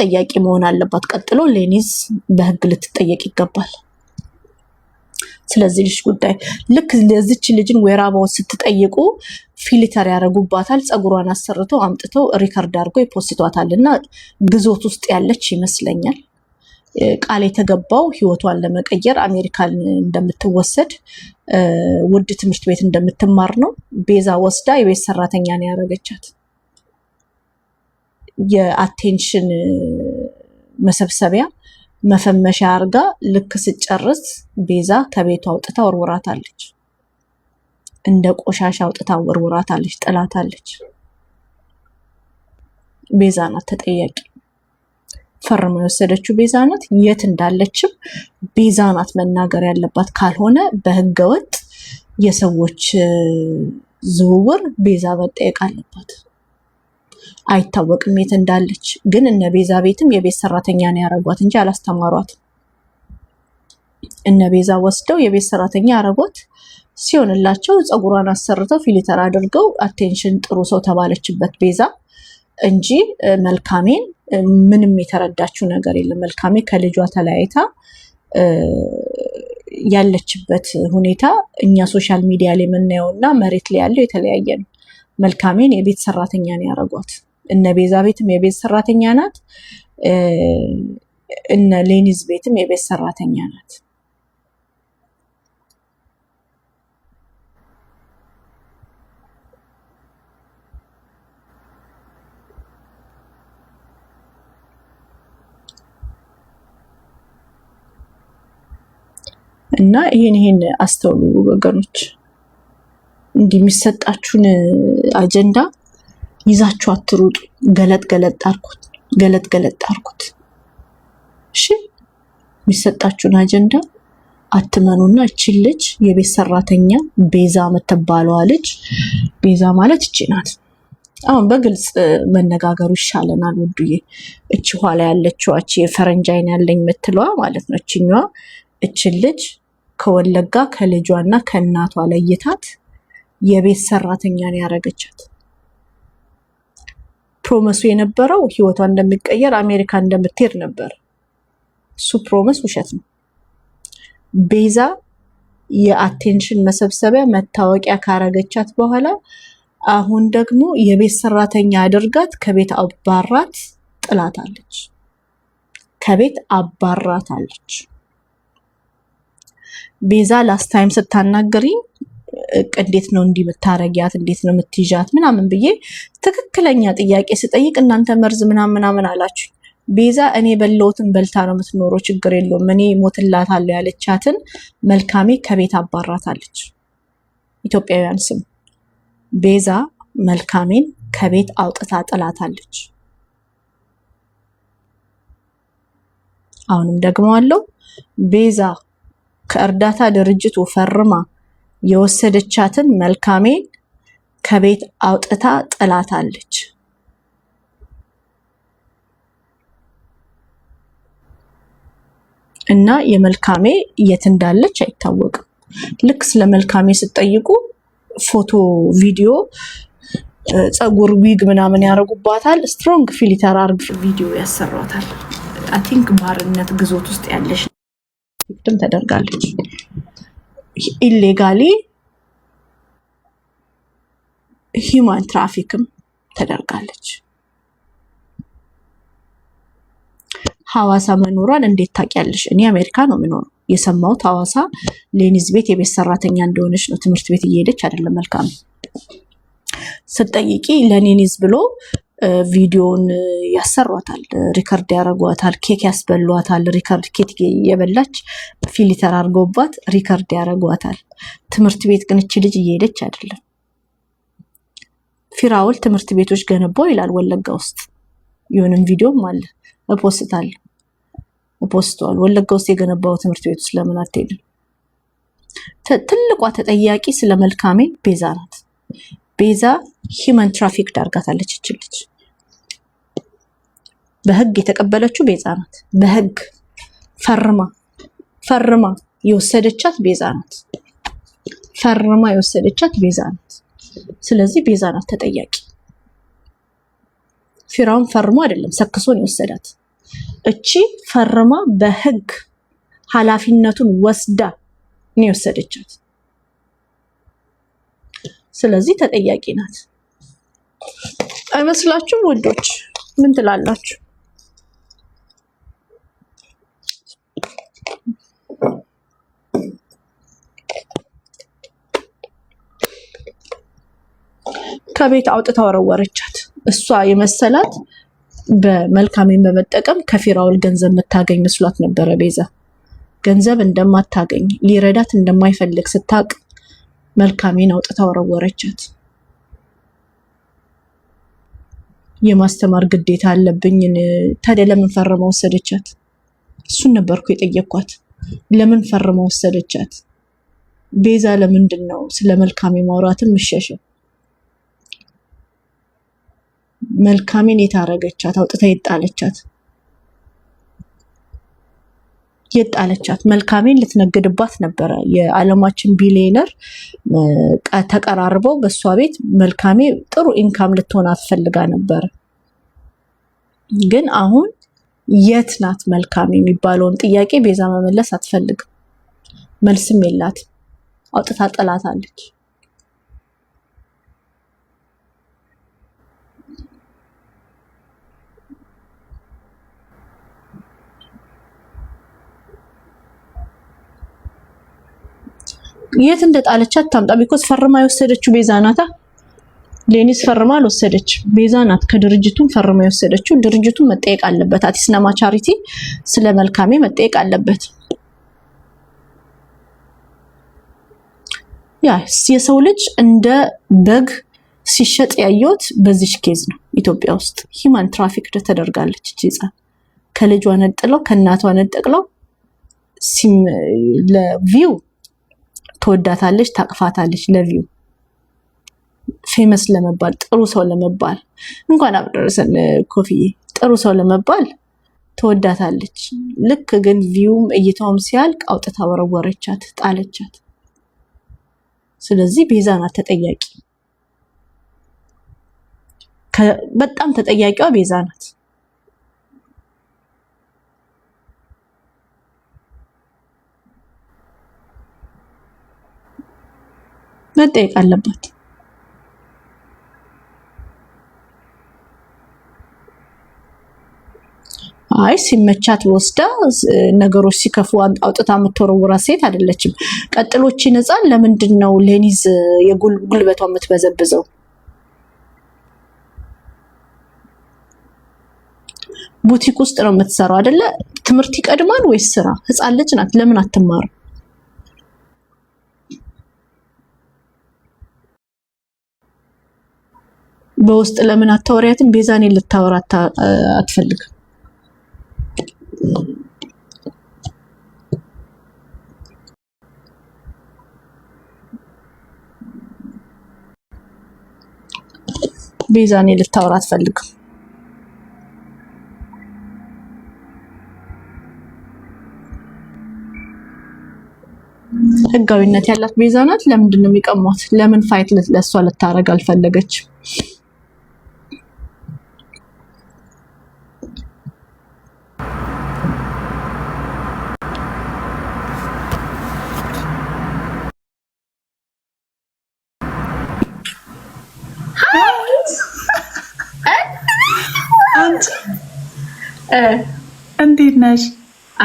ተጠያቂ መሆን አለባት። ቀጥሎ ሌኒዝ በህግ ልትጠየቅ ይገባል። ስለዚህ ልጅ ጉዳይ ልክ ለዚች ልጅን ወይራባውን ስትጠይቁ ፊልተር ያደረጉባታል። ፀጉሯን አሰርተው አምጥተው ሪከርድ አድርጎ ይፖስቷታል እና ግዞት ውስጥ ያለች ይመስለኛል። ቃል የተገባው ህይወቷን ለመቀየር አሜሪካን እንደምትወሰድ ውድ ትምህርት ቤት እንደምትማር ነው። ቤዛ ወስዳ የቤት ሰራተኛ ነው ያደረገቻት። የአቴንሽን መሰብሰቢያ መፈመሻ አርጋ ልክ ስጨርስ ቤዛ ከቤቷ አውጥታ ወርውራታለች። እንደ ቆሻሻ አውጥታ ወርውራታለች፣ ጥላታለች። ቤዛ ናት ተጠያቂ። ፈርማ የወሰደችው ቤዛ ናት። የት እንዳለችም ቤዛ ናት መናገር ያለባት። ካልሆነ በህገወጥ የሰዎች ዝውውር ቤዛ መጠየቅ አለባት። አይታወቅም የት እንዳለች። ግን እነ ቤዛ ቤትም የቤት ሰራተኛ ነው ያረጓት እንጂ አላስተማሯትም። እነ ቤዛ ወስደው የቤት ሰራተኛ ያረጓት ሲሆንላቸው ፀጉሯን አሰርተው ፊሊተር አድርገው አቴንሽን ጥሩ ሰው ተባለችበት ቤዛ እንጂ መልካሜን ምንም የተረዳችው ነገር የለም። መልካሜ ከልጇ ተለያይታ ያለችበት ሁኔታ እኛ ሶሻል ሚዲያ ላይ የምናየው እና መሬት ላይ ያለው የተለያየ ነው። መልካሜን የቤት ሰራተኛ ነው ያደረጓት። እነ ቤዛ ቤትም የቤት ሰራተኛ ናት። እነ ሌኒዝ ቤትም የቤት ሰራተኛ ናት። እና ይህን ይህን አስተውሉ ወገኖች። እንዲህ የሚሰጣችሁን አጀንዳ ይዛችሁ አትሩጡ። ገለጥ ገለጥ አርኩት፣ ገለጥ ገለጥ አርኩት። እሺ የሚሰጣችሁን አጀንዳ አትመኑና እችን ልጅ የቤት ሰራተኛ ቤዛ የምትባለዋ ልጅ ቤዛ ማለት እቺ ናት። አሁን በግልጽ መነጋገሩ ይሻለናል ውዱዬ። እች ኋላ ያለችዋ እቺ የፈረንጅ አይን ያለኝ የምትለዋ ማለት ነው። እችኛዋ እችን ልጅ ከወለጋ ከልጇና ከእናቷ ለይታት የቤት ሰራተኛን ያደረገቻት። ፕሮመሱ የነበረው ህይወቷ እንደሚቀየር አሜሪካ እንደምትሄድ ነበር። እሱ ፕሮመስ ውሸት ነው። ቤዛ የአቴንሽን መሰብሰቢያ መታወቂያ ካረገቻት በኋላ አሁን ደግሞ የቤት ሰራተኛ አድርጋት ከቤት አባራት ጥላታለች። ከቤት አባራታለች። ቤዛ ላስት ታይም ስታናገሪኝ እንዴት ነው እንዲህ እንዴት ነው የምትይዣት ምናምን ብዬ ትክክለኛ ጥያቄ ስጠይቅ እናንተ መርዝ ምናምን ምናምን አላችሁ። ቤዛ እኔ በለውትን በልታ ነው የምትኖረው፣ ችግር የለውም እኔ ሞትላታለሁ ያለቻትን መልካሜ ከቤት አባራታለች። ኢትዮጵያውያን ስም ቤዛ መልካሜን ከቤት አውጥታ ጥላታለች። አሁንም ደግሞ አለው ቤዛ ከእርዳታ ድርጅቱ ፈርማ የወሰደቻትን መልካሜን ከቤት አውጥታ ጥላታለች። እና የመልካሜ የት እንዳለች አይታወቅም። ልክ ስለ መልካሜ ስትጠይቁ ፎቶ፣ ቪዲዮ፣ ፀጉር፣ ዊግ ምናምን ያደርጉባታል። ስትሮንግ ፊሊተር አርግ ቪዲዮ ያሰሯታል። አይ ቲንክ ባርነት ግዞት ውስጥ ያለች ቪክቲም ተደርጋለች። ኢሌጋሊ ሂማን ትራፊክም ተደርጋለች። ሐዋሳ መኖሯን እንዴት ታውቂያለሽ? እኔ አሜሪካ ነው የምኖረው። የሰማሁት ሐዋሳ ሌኒዝ ቤት የቤት ሰራተኛ እንደሆነች ነው። ትምህርት ቤት እየሄደች አይደለም። መልካም ስትጠይቂ ለሌኒዝ ብሎ ቪዲዮን ያሰሯታል፣ ሪከርድ ያደረጓታል፣ ኬክ ያስበሏታል። ሪከርድ ኬት የበላች ፊልተር አድርገውባት ሪከርድ ያደረጓታል። ትምህርት ቤት ግን እች ልጅ እየሄደች አይደለም። ፊራውል ትምህርት ቤቶች ገነባው ይላል ወለጋ ውስጥ ይሁንም ቪዲዮም አለ እፖስታል እፖስተዋል ወለጋ ውስጥ የገነባው ትምህርት ቤት ውስጥ ለምን አትሄድም? ትልቋ ተጠያቂ ስለ መልካሜ ቤዛ ናት። ቤዛ ሂመን ትራፊክ ዳርጋታለች ይችልች በህግ የተቀበለችው ቤዛ ናት። በህግ ፈርማ ፈርማ የወሰደቻት ቤዛ ናት። ፈርማ የወሰደቻት ቤዛ ናት። ስለዚህ ቤዛ ናት ተጠያቂ። ፊራውን ፈርሞ አይደለም ሰክሶን የወሰዳት እቺ ፈርማ በህግ ኃላፊነቱን ወስዳ ነው የወሰደቻት። ስለዚህ ተጠያቂ ናት አይመስላችሁም? ውዶች ምን ትላላችሁ? ከቤት አውጥታ ወረወረቻት። እሷ የመሰላት በመልካሜን በመጠቀም ከፊራውል ገንዘብ የምታገኝ መስሏት ነበረ። ቤዛ ገንዘብ እንደማታገኝ ሊረዳት እንደማይፈልግ ስታቅ መልካሜን አውጥታ ወረወረቻት። የማስተማር ግዴታ አለብኝ ታዲያ ለምን ፈርማ ወሰደቻት? እሱን ነበርኩ የጠየኳት። ለምን ፈርማ ወሰደቻት? ቤዛ ለምንድን ነው ስለ መልካሜ ማውራትም እሸሸው? መልካሜን የታረገቻት አውጥታ የጣለቻት የጣለቻት መልካሜን ልትነግድባት ነበረ። የዓለማችን ቢሊዮነር ተቀራርበው በእሷ ቤት መልካሜ ጥሩ ኢንካም ልትሆን አትፈልጋ ነበር። ግን አሁን የት ናት መልካሜ የሚባለውን ጥያቄ ቤዛ መመለስ አትፈልግም። መልስም የላትም። አውጥታ ጥላታለች። የት እንደጣለች አታምጣ። ቢኮዝ ፈርማ የወሰደችው ቤዛ ናታ። ሌኒስ ፈርማ አልወሰደች፣ ቤዛ ናት ከድርጅቱም ፈርማ የወሰደችው። ድርጅቱም መጠየቅ አለበት። አቲስናማ ቻሪቲ ስለ መልካሜ መጠየቅ አለበት። ያ የሰው ልጅ እንደ በግ ሲሸጥ ያየሁት በዚች ኬዝ ነው። ኢትዮጵያ ውስጥ ሂማን ትራፊክ ተደርጋለች። እቺ ህፃን ከልጇ ነጥለው ከእናቷ ነጠቅለው ለቪው ትወዳታለች፣ ታቅፋታለች። ለቪው ፌመስ ለመባል ጥሩ ሰው ለመባል እንኳን አብደረሰን ኮፍዬ ጥሩ ሰው ለመባል ትወዳታለች። ልክ ግን ቪውም እይታውም ሲያልቅ አውጥታ ወረወረቻት፣ ጣለቻት። ስለዚህ ቤዛ ናት ተጠያቂ። በጣም ተጠያቂዋ ቤዛ ናት። መጠየቅ አለባት። አይ ሲመቻት ወስዳ ነገሮች ሲከፉ አውጥታ የምትወረውራት ሴት አይደለችም። ቀጥሎች ነፃን ለምንድን ነው ሌኒዝ የጉልበቷ የምትበዘብዘው? ቡቲክ ውስጥ ነው የምትሰራው አይደለ? ትምህርት ይቀድማል ወይስ ስራ? ህፃን ልጅ ናት። ለምን አትማርም? በውስጥ ለምን አታወሪያትም? ቤዛኔ ልታወራ አትፈልግም። ቤዛኔ ልታወራ አትፈልግም። ህጋዊነት ያላት ቤዛ ናት። ለምንድን ነው የሚቀሟት? ለምን ፋይት ለእሷ ልታደርግ አልፈለገችም? እንዴት ነሽ?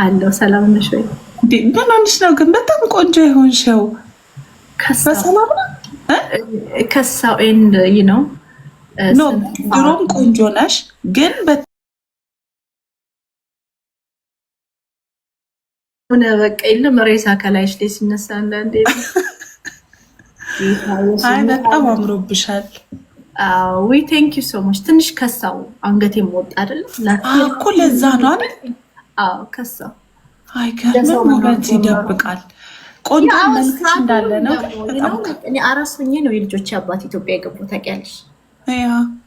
አለው ሰላም ነሽ ወይ? ምን ሆንሽ ነው ግን በጣም ቆንጆ የሆንሽው? በሰላም ነው ከሳው ኤንድ ዩ ነው ኖ ድሮም ቆንጆ ነሽ ግን ሆነ በቃ የለም ሬሳ ከላይሽ ላይ ሲነሳ አንዳንዴ በጣም አምሮብሻል። ወይ ቴንክ ዩ ሶ ማች። ትንሽ ከሳው አንገት የምወጣ አይደለ እኮ ለዛ ነው አይደል? አዎ ከሳው። አይገርምም ውበት ይደብቃል። ቆንጆ መልክት እንዳለ ነው። እኔ አራስ ሆኜ ነው የልጆች አባት ኢትዮጵያ የገባው ታውቂያለሽ።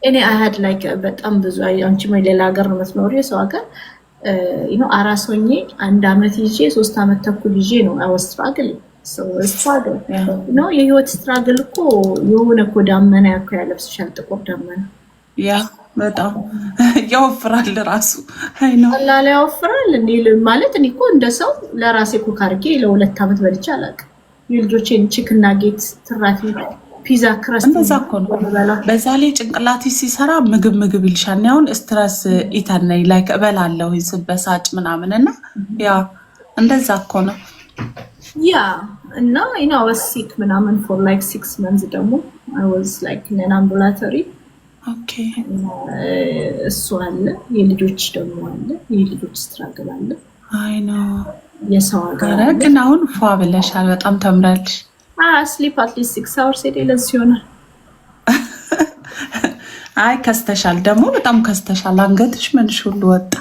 እኔ አያድ ላይ በጣም ብዙ አንቺ ሌላ ሀገር ነው የምትኖሪው የሰው ሀገር አራስ ሆኜ አንድ አመት ይዤ ሶስት አመት ተኩል ይዤ ነው አወስፋ ግል ነው የህይወት ስትራግል እኮ የሆነ እኮ ዳመና ያኮ ያለብስሻል ጥቁር ዳመና ያ በጣም ያወፍራል ራሱ ላ ያወፍራል እ ማለት እኔ እኮ እንደ ሰው ለራሴ ኮክ አድርጌ ለሁለት ዓመት በልቼ አላውቅም። የልጆቼን ችክና ጌት ትራፊ ፒዛ ክረስት እንደዛ እኮ ነው። በዛ ላይ ጭንቅላት ሲሰራ ምግብ ምግብ ይልሻል። አሁን ስትረስ ኢተነኝ ላይ እበላለሁ ስበሳጭ ምናምን እና ያ እንደዛ እኮ ነው። ያ እና ዩኖ ወስ ሲክ ምናምን ፎር ላይክ ሲክስ መንዝ ደግሞ አይ ወዝ ላይክ ኢን አምቡላቶሪ ኦኬ። uh, እሱ አለ የልጆች ደግሞ አለ የልጆች ስትራግል አለ። አይ ኖ የሰው ሀገር ግን አሁን ፏ ብለሻል። በጣም ተምራለሽ። ስሊፕ አትሊስት ሲክስ አወርስ የሌለስ ይሆናል። አይ ከስተሻል ደግሞ በጣም ከስተሻል። አንገትሽ ምንሽ ሁሉ ወጣ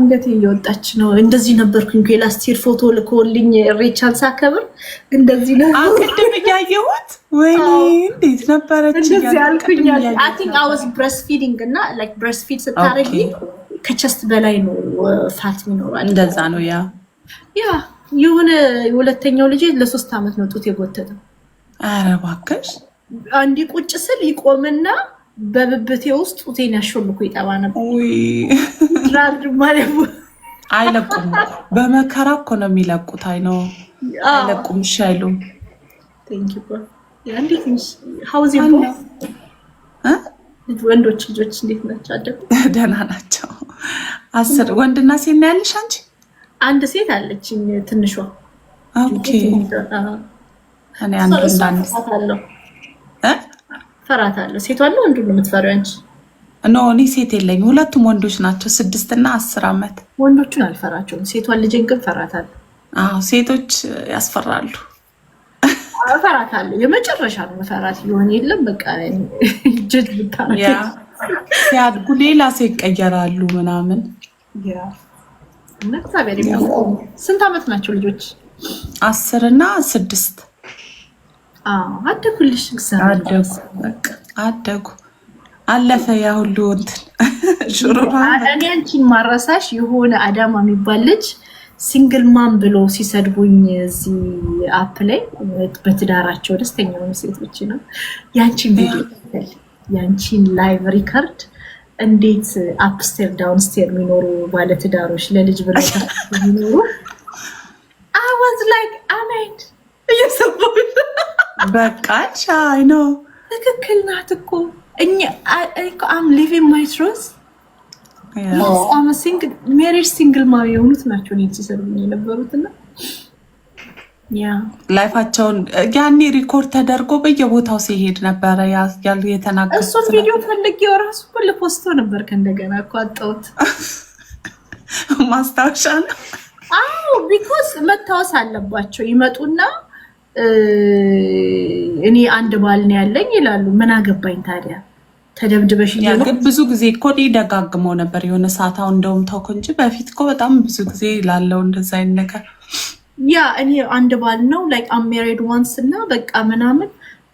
እንዴት እየወጣች ነው? እንደዚህ ነበርኩኝ የላስቲር ፎቶ ልኮልኝ እሬቻን ሳከብር እንደዚህ ነው። ቅድም እያየሁት ወይኔ እንዴት ነበረች እንደዚህ አልኩኝ። አይ ቲንክ አይ ዋዝ ብረስት ፊዲንግ እና ላይክ ብረስት ፊድ ስታረጊ ከቸስት በላይ ነው ፋት ይኖራል። እንደዛ ነው ያ ያ የሆነ ሁለተኛው ልጅ ለሶስት አመት ነው ጡት የጎተተው። ኧረ እባክሽ አንዴ ቁጭ ስል ይቆምና በብብቴ ውስጥ ጡቴን ያሾልኩ ይጠባ ነበር። አይለቁም። በመከራ እኮ ነው የሚለቁት። አይ ነው አይለቁም። እሺ አይሉም። ወንዶች ልጆች እንዴት ናቸው? አደ ደህና ናቸው። አስር ወንድና ሴት ነው ያለሽ አንቺ? አንድ ሴት አለችኝ ትንሿ። ኦኬ እኔ አንድ እንዳንድ ፈራታለሁ። ሴቷን ነው ወንዱ የምትፈሪው አንቺ? ኖ እኔ ሴት የለኝ፣ ሁለቱም ወንዶች ናቸው። ስድስት እና አስር ዓመት ወንዶቹን አልፈራቸውም። ሴቷን ልጅን ግን ፈራታለሁ። አዎ ሴቶች ያስፈራሉ። እፈራታለሁ። የመጨረሻ ነው መፈራት ይሆን የለም በቃ ጅል ሲያድጉ ሌላ ሴት ይቀየራሉ ምናምን። እና እግዚአብሔር ስንት ዓመት ናቸው ልጆች? አስር እና ስድስት አደጉልሽ፣ አደጉ፣ አለፈ ያ ሁሉ እንትን ሽሩባ። እኔ አንቺን ማረሳሽ የሆነ አዳማ የሚባል ልጅ ሲንግል ማም ብሎ ሲሰድቡኝ እዚህ አፕ ላይ በትዳራቸው ደስተኛ ሆኑ ሴቶች ነው። ያንቺን ቪዲዮ ያንቺን ላይቭ ሪከርድ እንዴት አፕስቴር ዳውንስቴር የሚኖሩ ባለትዳሮች ለልጅ ብሎ የሚኖሩ አይ ዋዝ ላይክ አሜን እየሰማ በቃሽ። አይ ነው ትክክል ናት እኮ አም ሊቪንግ ማይ ትሩዝ ሜሪጅ ሲንግል ማ የሆኑት ናቸው ሲሰሩኝ የነበሩት እና ላይፋቸውን ያኔ ሪኮርድ ተደርጎ በየቦታው ሲሄድ ነበረ የተናገሩት። እሱን ቪዲዮ ፈልጌው እራሱ ሁል ፖስቶ ነበር። ከእንደገና እኮ አጣሁት። ማስታወሻ ነው። አዎ ቢኮዝ መታወስ አለባቸው ይመጡና እኔ አንድ ባል ነው ያለኝ ይላሉ። ምን አገባኝ ታዲያ ተደብድበሽ ብዙ ጊዜ እኮ ደጋግመው ነበር የሆነ ሰዓታው እንደውም ተውኩ እንጂ በፊት እኮ በጣም ብዙ ጊዜ ላለው እንደዛ አይነት ነገር ያ እኔ አንድ ባል ነው ላይክ አሜሪድ ዋንስ እና በቃ ምናምን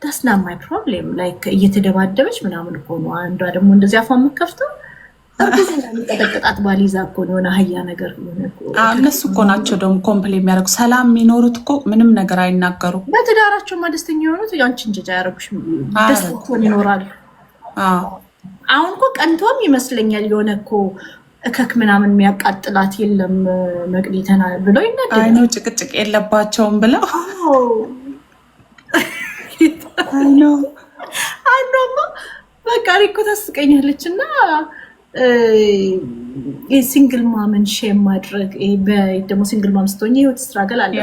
ዳስና ማይ ፕሮብሌም ላይክ እየተደባደበች ምናምን እኮ ነው። አንዷ ደግሞ እንደዚህ አፏ የምከፍተው ጠቀጥቃት ባሊዛ እኮ የሆነ አህያ ነገር እነሱ እኮ ናቸው ደግሞ ኮምፕሌ የሚያደርጉ ሰላም የሚኖሩት እኮ ምንም ነገር አይናገሩ። በትዳራቸው ደስተኛ የሆኑት ያንቺ ጀጃ ያደረጉሽ ይኖራሉ። አሁን እኮ ቀንቶም ይመስለኛል የሆነ እኮ እከክ ምናምን የሚያቃጥላት የለም መቅዲተና ብሎ ይነገ ጭቅጭቅ የለባቸውም ብለው አንዷማ በቃ እኮ ታስቀኛለች እና የሲንግል ማምን ሼም ማድረግ ደግሞ ሲንግል ማም ስትሆኝ ህይወት ስትራገል አለ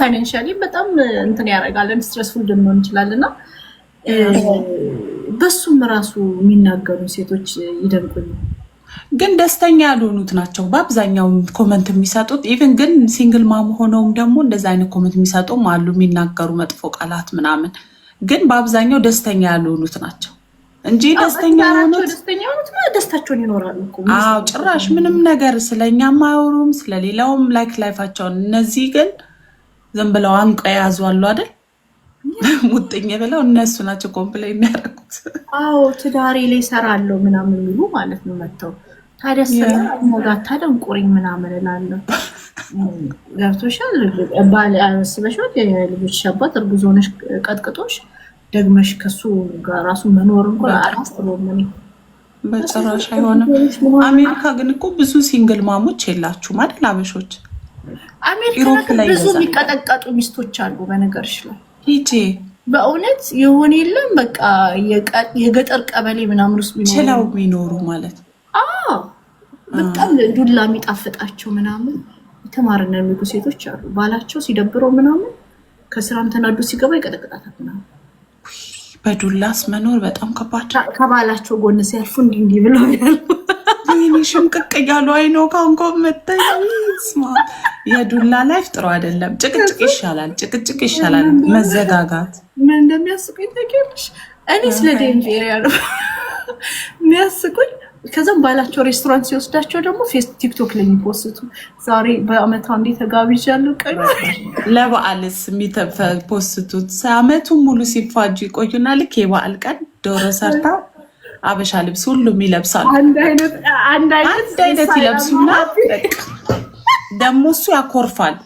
ፋይናንሻሊ በጣም እንትን ያደርጋለን። ስትረስፉል ልንሆን ይችላል እና በሱም ራሱ የሚናገሩ ሴቶች ይደንቁኝ። ግን ደስተኛ ያልሆኑት ናቸው በአብዛኛው ኮመንት የሚሰጡት። ኢቨን ግን ሲንግል ማም ሆነውም ደግሞ እንደዚ አይነት ኮመንት የሚሰጡም አሉ፣ የሚናገሩ መጥፎ ቃላት ምናምን። ግን በአብዛኛው ደስተኛ ያልሆኑት ናቸው። እንጂ ደስተኛ ሆኑት ደስታቸውን ይኖራሉ። አዎ ጭራሽ ምንም ነገር ስለኛም አያወሩም ስለሌላውም ላይክ ላይፋቸውን። እነዚህ ግን ዝም ብለው አንቀ የያዙ አሉ አይደል? ሙጥኝ ብለው እነሱ ናቸው ኮምፕላ የሚያደርጉት። አዎ ትዳሬ ላይ ሰራለው ምናምን የሚሉ ማለት ነው መጥተው ታዲያ ታደም ቁሪኝ ምናምን እላለሁ። ገብቶሻል? ባል አስበሽው የልጆች አባት እርጉዝ ሆነሽ ቀጥቅጦሽ ደግመሽ ከሱ ጋር ራሱ መኖር እንኳን አላስተውም። በጭራሽ አይሆንም። አሜሪካ ግን እኮ ብዙ ሲንግል ማሞች የላችሁም አይደል? አበሾች አሜሪካ ላይ ብዙ የሚቀጠቀጡ ሚስቶች አሉ። በነገርሽ ላይ ሂጄ በእውነት የሆነ የለም በቃ የገጠር ቀበሌ ምናምን ውስጥ ችለው የሚኖሩ ማለት በጣም ዱላ የሚጣፍጣቸው ምናምን የተማርነ የሚሉ ሴቶች አሉ። ባላቸው ሲደብረው ምናምን ከስራም ተናዱ ሲገባ ይቀጠቅጣታል ምናምን በዱላስ መኖር በጣም ከባድ። ከባላቸው ጎን ሲያልፉ እንዲህ እንዲህ ብለው ያሉ ሽምቅቅ እያሉ አይኖ ካንኮ መጠ የዱላ ላይፍ ጥሩ አይደለም። ጭቅጭቅ ይሻላል፣ ጭቅጭቅ ይሻላል። መዘጋጋት ምን እንደሚያስቁኝ ታውቂያለሽ? እኔ ስለ ዴንቬር ያሉ የሚያስቁኝ ከዛም ባላቸው ሬስቶራንት ሲወስዳቸው ደግሞ ቲክቶክ ላይ የሚፖስቱ ዛሬ በአመት አንዴ ተጋብዣለሁ ቀን ለበዓልስ የሚፖስቱት አመቱ ሙሉ ሲፋጁ ይቆዩና ልክ የበዓል ቀን ዶሮ ሰርታ አበሻ ልብስ ሁሉም ይለብሳሉ። አንድ አይነት ይለብሱና ደግሞ እሱ ያኮርፋል፣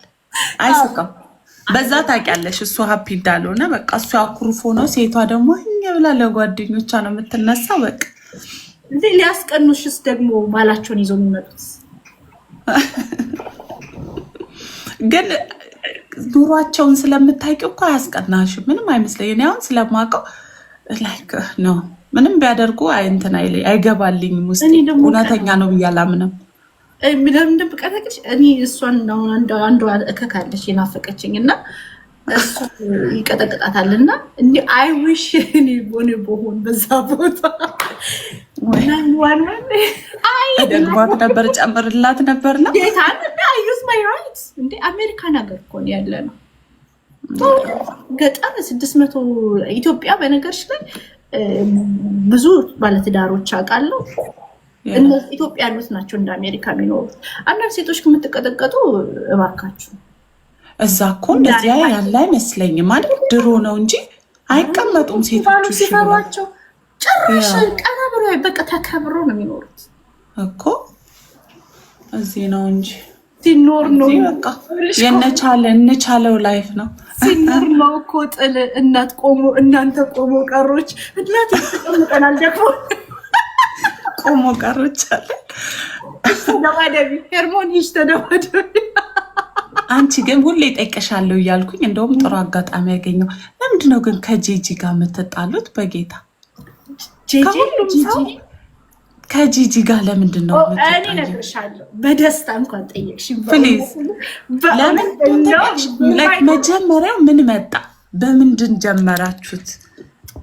አይስቅም። በዛ ታውቂያለሽ እሱ ሀፒ እንዳልሆነ በቃ እሱ ያኩርፎ ነው። ሴቷ ደግሞ እኛ ብላ ለጓደኞቿ ነው የምትነሳ በቃ እንዴ ሊያስቀኑሽስ ደግሞ ባላቸውን ይዞ የሚመጡት ግን ኑሯቸውን ስለምታውቂው እኮ አያስቀናሽም። ምንም አይመስለኝ። እኔ አሁን ስለማውቀው ላይክ ነው ምንም ቢያደርጉ እንትን አይለ አይገባልኝም ውስጥ እውነተኛ ነው ብያላምንም አላምንም። ብቀጠቅሽ እኔ እሷን አንዷ እከካለች የናፈቀችኝ እና እሱ ይቀጠቅጣታል እና እንዲ አይዊሽ እኔ ሆነ በሆን በዛ ቦታ ደግሟት ነበር ጨምርላት ነበር ዩዝ ማይ ራይት እንደ አሜሪካን ሀገር እኮ ነው ያለ ነው። ገጠር ስድስት መቶ ኢትዮጵያ በነገርሽ ላይ ብዙ ባለትዳሮች አውቃለሁ። ኢትዮጵያ ያሉት ናቸው እንደ አሜሪካ የሚኖሩት። አንዳንድ ሴቶች ከምትቀጠቀጡ እባካችሁ እዛ እኮ እንደዚያ ያለ አይመስለኝም ማለት ድሮ ነው እንጂ አይቀመጡም። ሴቶቹ ሲፈሯቸው ጭራሽ ቀና ብሎ በቃ ተከብሮ ነው የሚኖሩት እኮ እዚህ ነው እንጂ ሲኖር ነው የነቻለ እንቻለው ላይፍ ነው ሲኖር ነው እኮ ጥል እናት ቆሞ እናንተ ቆሞ ቀሮች እናት ተቀምጠናል ደግሞ ቆሞ ቀሮች አለ ተደባደቢ ሄርሞን ይሽ ተደባደቢ አንቺ ግን ሁሌ ጠቀሻለሁ እያልኩኝ እንደውም ጥሩ አጋጣሚ ያገኘው። ለምንድነው ግን ከጂጂ ጋር የምትጣሉት? በጌታ ከጂጂ ጋር ለምንድን ነው? እኔ መጀመሪያው ምን መጣ? በምንድን ጀመራችሁት?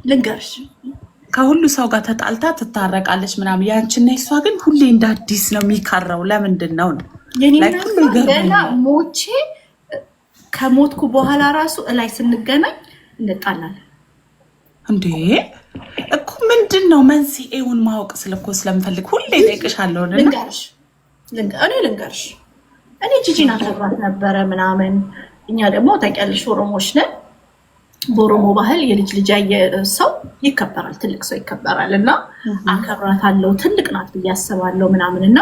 ልንገርሽ፣ ከሁሉ ሰው ጋር ተጣልታ ትታረቃለች ምናምን። ያንቺና የሷ ግን ሁሌ እንደ አዲስ ነው የሚካረው። ለምንድን ነው ነው ገና ሞቼ ከሞትኩ በኋላ ራሱ እላይ ስንገናኝ እንጣላለን እንዴ እኮ ምንድን ነው መንስኤውን ማወቅ ስለኮ ስለምፈልግ ሁሌ እጠይቅሻለሁ። ልንገርሽ እኔ ልንገርሽ እኔ ጂጂን አከብራት ነበረ ምናምን። እኛ ደግሞ ታውቂያለሽ ኦሮሞች ነን። በኦሮሞ ባህል የልጅ ልጅ ያየ ሰው ይከበራል፣ ትልቅ ሰው ይከበራል። እና አከብራት አለው ትልቅ ናት ብዬ አስባለሁ ምናምን እና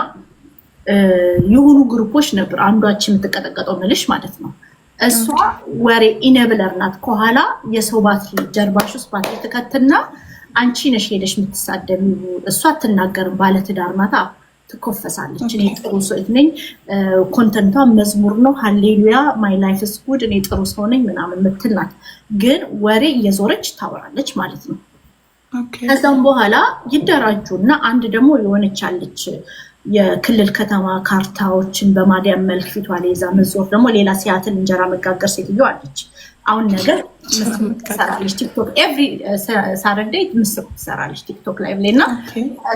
የሆኑ ግሩፖች ነበር። አንዷችን የምትቀጠቀጠው ምልሽ ማለት ነው። እሷ ወሬ ኢነብለር ናት። ከኋላ የሰው ባትሪ ጀርባሽ ውስጥ ባትሪ ትከትና አንቺ ነሽ ሄደሽ የምትሳደሚ። እሷ አትናገርም። ባለትዳር ማታ ትኮፈሳለች። እኔ ጥሩ ሰው ነኝ፣ ኮንተንቷ መዝሙር ነው፣ ሃሌሉያ ማይ ላይፍ ስ ጉድ፣ እኔ ጥሩ ሰው ነኝ ምናምን ምትል ናት። ግን ወሬ እየዞረች ታወራለች ማለት ነው። ከዛም በኋላ ይደራጁ እና አንድ ደግሞ የሆነች አለች የክልል ከተማ ካርታዎችን በማዲያም መልክ ፊቷ ላይ መዞር ደግሞ ሌላ ሲያትል እንጀራ መጋገር ሴትዮ አለች። አሁን ነገር ትሰራለች። ቲክቶክ ኤቭሪ ሳተርዴይ ምስር ትሰራለች ቲክቶክ ላይ ብላ እና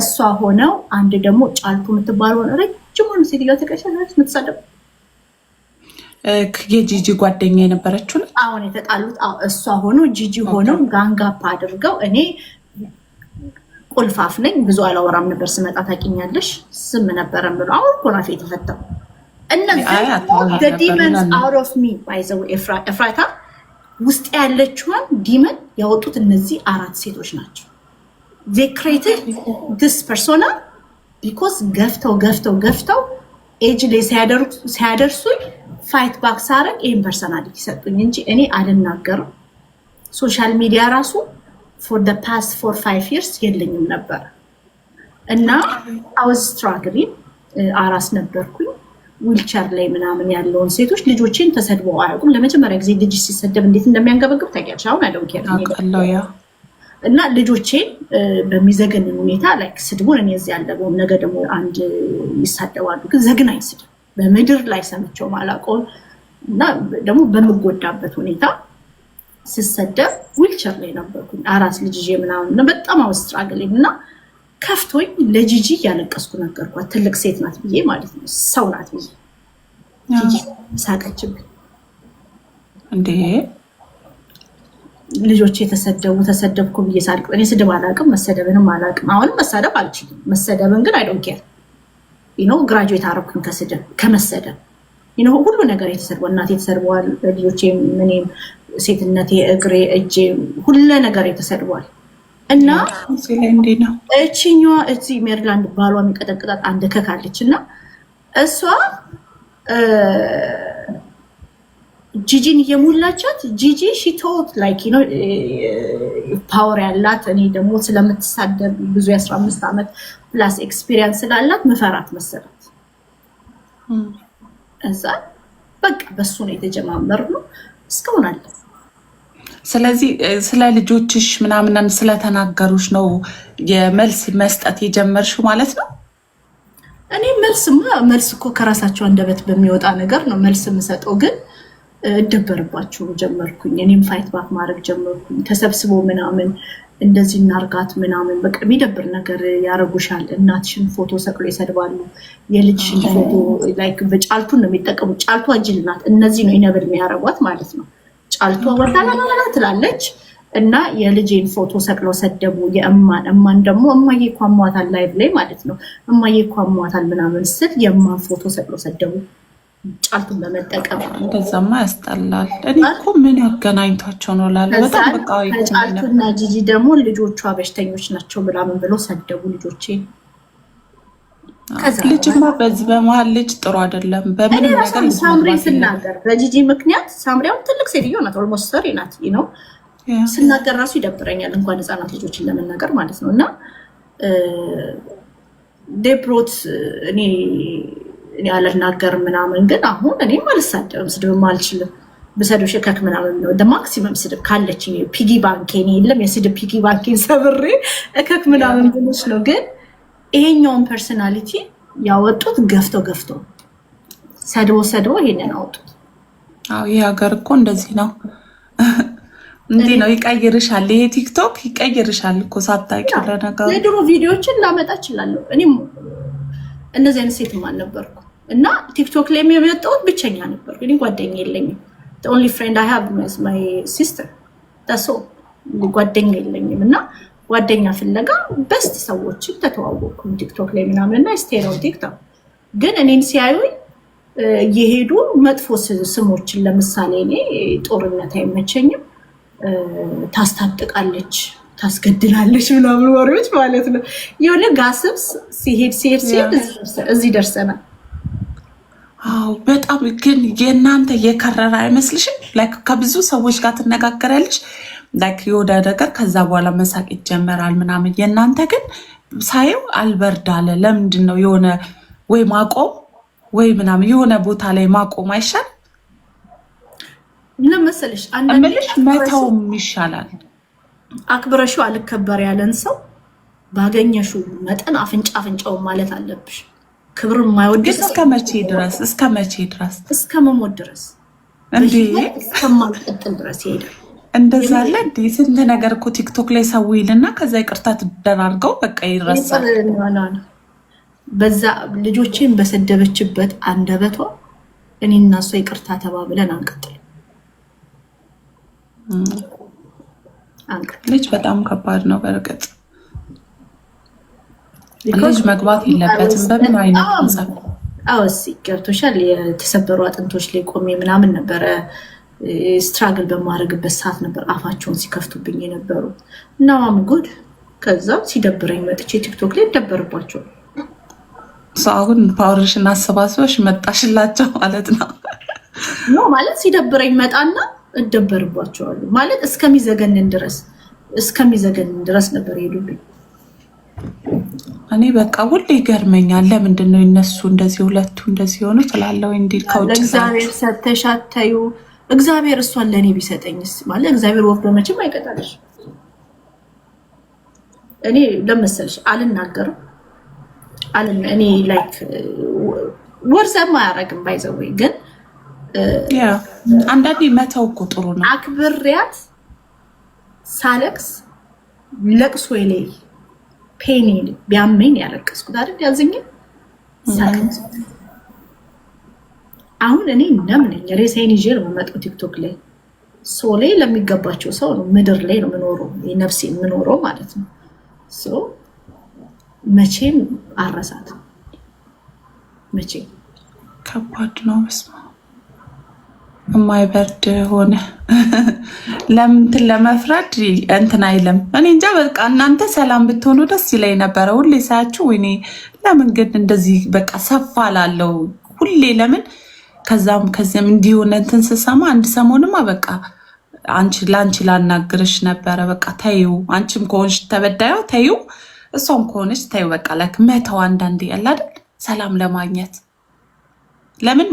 እሷ ሆነው አንድ ደግሞ ጫልቱ የምትባለውን ረጅም ሆኑ ሴትዮ ተቀሸላች ምትሰደብ የጂጂ ጓደኛ የነበረችው አሁን የተጣሉት እሷ ሆኖ ጂጂ ሆነው ጋንጋፕ አድርገው እኔ ቁልፋፍ ነኝ። ብዙ አላወራም ነበር ስመጣ ታውቂኛለሽ። ስም ነበረ ብሎ አሁን ቁልፋፍ የተፈታው እነዚህ ዲመንስ አውት ኦፍ ሚ ባይዘው ኤፍራታ ውስጥ ያለችውን ዲመን ያወጡት እነዚህ አራት ሴቶች ናቸው። they created this persona because ገፍተው ገፍተው ገፍተው ኤጅ ላይ ሲያደርሱኝ ፋይት ባክ ሳረግ ይህን ፐርሰናሊቲ ሰጡኝ እንጂ እኔ አልናገርም። ሶሻል ሚዲያ ራሱ ፎር ደ ፓስት ፎር ፋይቭ ይርስ የለኝም ነበር እና አውዝ ስትራግሊን አራስ ነበርኩኝ። ዊልቸር ላይ ምናምን ያለውን ሴቶች ልጆቼን ተሰድበው አያውቁም። ለመጀመሪያ ጊዜ ልጅ ሲሰደብ እንዴት እንደሚያንገበግብ ታውቂያለሽ? አሁን ያለው እና ልጆቼን በሚዘገንን ሁኔታ ላይ ስድቡን እኔ እዚህ ያለበውም ነገ ደግሞ አንድ ይሳደባሉ፣ ግን ዘግናኝ ስድብ በምድር ላይ ሰምቼው አላውቀውም እና ደግሞ በምጎዳበት ሁኔታ ስሰደብ ዊልቸር ላይ ነበርኩኝ። አራት ልጅ ይዤ ምናምን በጣም አውስትራግል እና ከፍቶኝ ለጂጂ እያለቀስኩ ነገርኳት። ትልቅ ሴት ናት ብዬ ማለት ነው ሰው ናት ብዬ ሳቀችብኝ። እንዴ ልጆች የተሰደቡ ተሰደብኩ ብዬ ሳልቅ እኔ ስድብ አላውቅም፣ መሰደብንም አላውቅም። አሁንም መሳደብ አልችልም። መሰደብን ግን አይዶን ኬር ነው። ግራጁዌት አረኩኝ ከስድብ ከመሰደብ ሁሉ ነገር የተሰርበ እናቴ የተሰድቧል፣ ልጆቼ፣ ምኔም፣ ሴትነቴ፣ እግሬ፣ እጄ፣ ሁለ ነገር የተሰርበዋል። እና እችኛዋ እዚህ ሜሪላንድ ባሏ የሚቀጠቅጣት አንድ ከካለች እና እሷ ጂጂን እየሞላቻት ጂጂ ሽቶት ላይክ ነው ፓወር ያላት እኔ ደግሞ ስለምትሳደብ ብዙ የአስራ አምስት ዓመት ፕላስ ኤክስፒሪየንስ ስላላት መፈራት መሰላት እዛ በቃ በሱ ነው ነው እስካሁን አለ። ስለዚህ ስለ ልጆችሽ ምናምናን ስለተናገሩች ነው የመልስ መስጠት የጀመርሽው ማለት ነው? እኔ መልስማ መልስ እኮ ከራሳቸው አንደበት በሚወጣ ነገር ነው መልስ የምሰጠው፣ ግን እደበርባቸው ጀመርኩኝ። እኔም ፋይት ባክ ማድረግ ጀመርኩኝ። ተሰብስቦ ምናምን እንደዚህ እናርጋት ምናምን በቃ የሚደብር ነገር ያደርጉሻል። እናትሽን ፎቶ ሰቅሎ ይሰድባሉ። የልጅሽን ፎቶ ላይክ በጫልቱን ነው የሚጠቀሙ። ጫልቱ አጅል ናት። እነዚህ ነው ይነብል የሚያደርጓት ማለት ነው። ጫልቱ ወርታላላ ትላለች እና የልጄን ፎቶ ሰቅለው ሰደቡ። የእማን እማን ደግሞ እማዬ እኮ አሟታል ላይቭ ላይ ማለት ነው። እማዬ እኮ አሟታል ምናምን ስል የእማን ፎቶ ሰቅለው ሰደቡ። ጫልቱን በመጠቀም እንደዛማ ያስጠላል። እኔ እኮ ምን ያገናኝቷቸው ነው ላለ በጣም በቃ ጫልቱና ጂጂ ደግሞ ልጆቿ በሽተኞች ናቸው ምናምን ብሎ ሰደቡ። ልጆቼ ልጅማ በዚህ በመሀል ልጅ ጥሩ አይደለም። በምን ሳምሪ ስናገር በጂጂ ምክንያት ሳምሪያም ትልቅ ሴትዮ ናት፣ ኦልሞስት ሰሪ ናት ነው ስናገር ራሱ ይደብረኛል፣ እንኳን ህፃናት ልጆችን ለመናገር ማለት ነው እና ዴፕሮት እኔ ያለናገር ምናምን፣ ግን አሁን እኔም አልሳደብም፣ ስድብም አልችልም። ብሰድብ ሽከክ ምናምን ነው ማክሲመም ስድብ ካለች ፒጊ ባንኬን የለም የስድብ ፒጊ ባንኬን ሰብሬ እከክ ምናምን ብሎች ነው። ግን ይሄኛውን ፐርሶናሊቲ ያወጡት ገፍቶ ገፍቶ ሰድቦ ሰድቦ ይሄንን አወጡት። አዎ ይህ ሀገር እኮ እንደዚህ ነው። እንዴ ነው ይቀይርሻል። ይሄ ቲክቶክ ይቀይርሻል እኮ ሳታውቂ። ለነገሩ የድሮ ቪዲዮዎችን ላመጣ እችላለሁ። እኔም እነዚህ አይነት ሴትም አልነበርኩም። እና ቲክቶክ ላይ የሚመጣውት ብቸኛ ነበር፣ ግን ጓደኛ የለኝም። ኦንሊ ፍሬንድ አይ ሃቭ ኢዝ ማይ ሲስተር ተሶ ጓደኛ የለኝም እና ጓደኛ ፍለጋ በስት ሰዎችን ተተዋወቅኩም ቲክቶክ ላይ ምናምን እና ስቴራው ቲክቶክ ግን እኔን ሲያዩኝ የሄዱ መጥፎ ስሞችን ለምሳሌ እኔ ጦርነት አይመቸኝም፣ ታስታጥቃለች፣ ታስገድላለች ምናምን ወሬዎች ማለት ነው። የሆነ ጋስብስ ሲሄድ ሲሄድ ሲሄድ እዚህ ደርሰናል። አዎ በጣም ግን የእናንተ የከረረ አይመስልሽም? ላይክ ከብዙ ሰዎች ጋር ትነጋገራለሽ፣ ላይክ የወደ ነገር ከዛ በኋላ መሳቅ ይጀመራል ምናምን። የእናንተ ግን ሳየው አልበርድ አለ። ለምንድን ነው የሆነ ወይ ማቆም ወይ ምናምን የሆነ ቦታ ላይ ማቆም አይሻል? ለመሰለሽ እምልሽ መተውም ይሻላል። አክብረሹ አልከበር ያለን ሰው ባገኘሹ መጠን አፍንጫ አፍንጫውን ማለት አለብሽ። ክብር የማይወድ እስከ መቼ ድረስ እስከ መቼ ድረስ እስከ መሞት ድረስ እንዴ እስከማልቀጥል ድረስ ይሄዳል። እንደዛ አለ እንዴ ስንት ነገር እኮ ቲክቶክ ላይ ሰው ይልና ከዛ ይቅርታ ትደራርገው በቃ ይረሳል። በዛ ልጆችን በሰደበችበት አንደበቷ እኔ እና እሷ ይቅርታ ተባብለን አንቀጥል ልጅ በጣም ከባድ ነው በእርግጥ ልጅ መግባት የለበትም። በምን አይነት አወስ ገብቶሻል። የተሰበሩ አጥንቶች ላይ ቆሜ ምናምን ነበረ ስትራግል በማድረግበት ሰዓት ነበር አፋቸውን ሲከፍቱብኝ የነበሩ እና ዋም ጉድ። ከዛ ሲደብረኝ መጥቼ ቲክቶክ ላይ ይደበርባቸው አሁን ፓወርሽን አሰባስበሽ መጣሽላቸው ማለት ነው። ማለት ሲደብረኝ መጣና እደበርባቸዋለሁ ማለት እስከሚዘገንን ድረስ እስከሚዘገንን ድረስ ነበር ሄዱብኝ እኔ በቃ ሁሌ ይገርመኛል። ለምንድን ነው እነሱ እንደዚህ ሁለቱ እንደዚህ ሆኑ ትላለው? እንዲ ከውጭ ለእግዚአብሔር ሰተሻታዩ እግዚአብሔር እሷን ለእኔ ቢሰጠኝስ ማለት እግዚአብሔር ወርዶ መቼም አይቀጣልሽ። እኔ ለመሰልሽ አልናገርም አልን እኔ ላይክ ወርዘማ አያረግም ባይዘወይ ግን አንዳንዴ መተው እኮ ጥሩ ነው። አክብሪያት ሳለቅስ ለቅሶ ላይ ፔን ቢያመኝ ያለቀስኩት አይደል? ያዝኝም አሁን እኔ ነም ነኝ። ሬሳዬን ይዤ ነው የምመጣው። ቲክቶክ ላይ ሶሌ ለሚገባቸው ሰው ነው፣ ምድር ላይ ነው የምኖረው፣ ነፍሴ የምኖረው ማለት ነው። መቼም አረሳት መቼ ከባድ ነው። የማይበርድ ሆነ። ለምንትን ለመፍረድ እንትን አይልም። እኔ እንጃ በቃ እናንተ ሰላም ብትሆኑ ደስ ይለኝ ነበረ። ሁሌ ሳያችሁ ወይኔ ለምን ግን እንደዚህ በቃ ሰፋ ላለው ሁሌ ለምን ከዛም ከዚም እንዲሆነ እንትን ስሰማ አንድ ሰሞንማ በቃ አንቺ ለአንቺ ላናግርሽ ነበረ። በቃ ተይው፣ አንቺም ከሆንሽ ተበዳዩ ተይው፣ እሷም ከሆነች ተይው። በቃ ላይክ መተው አንዳንዴ ያለ አይደል ሰላም ለማግኘት ለምን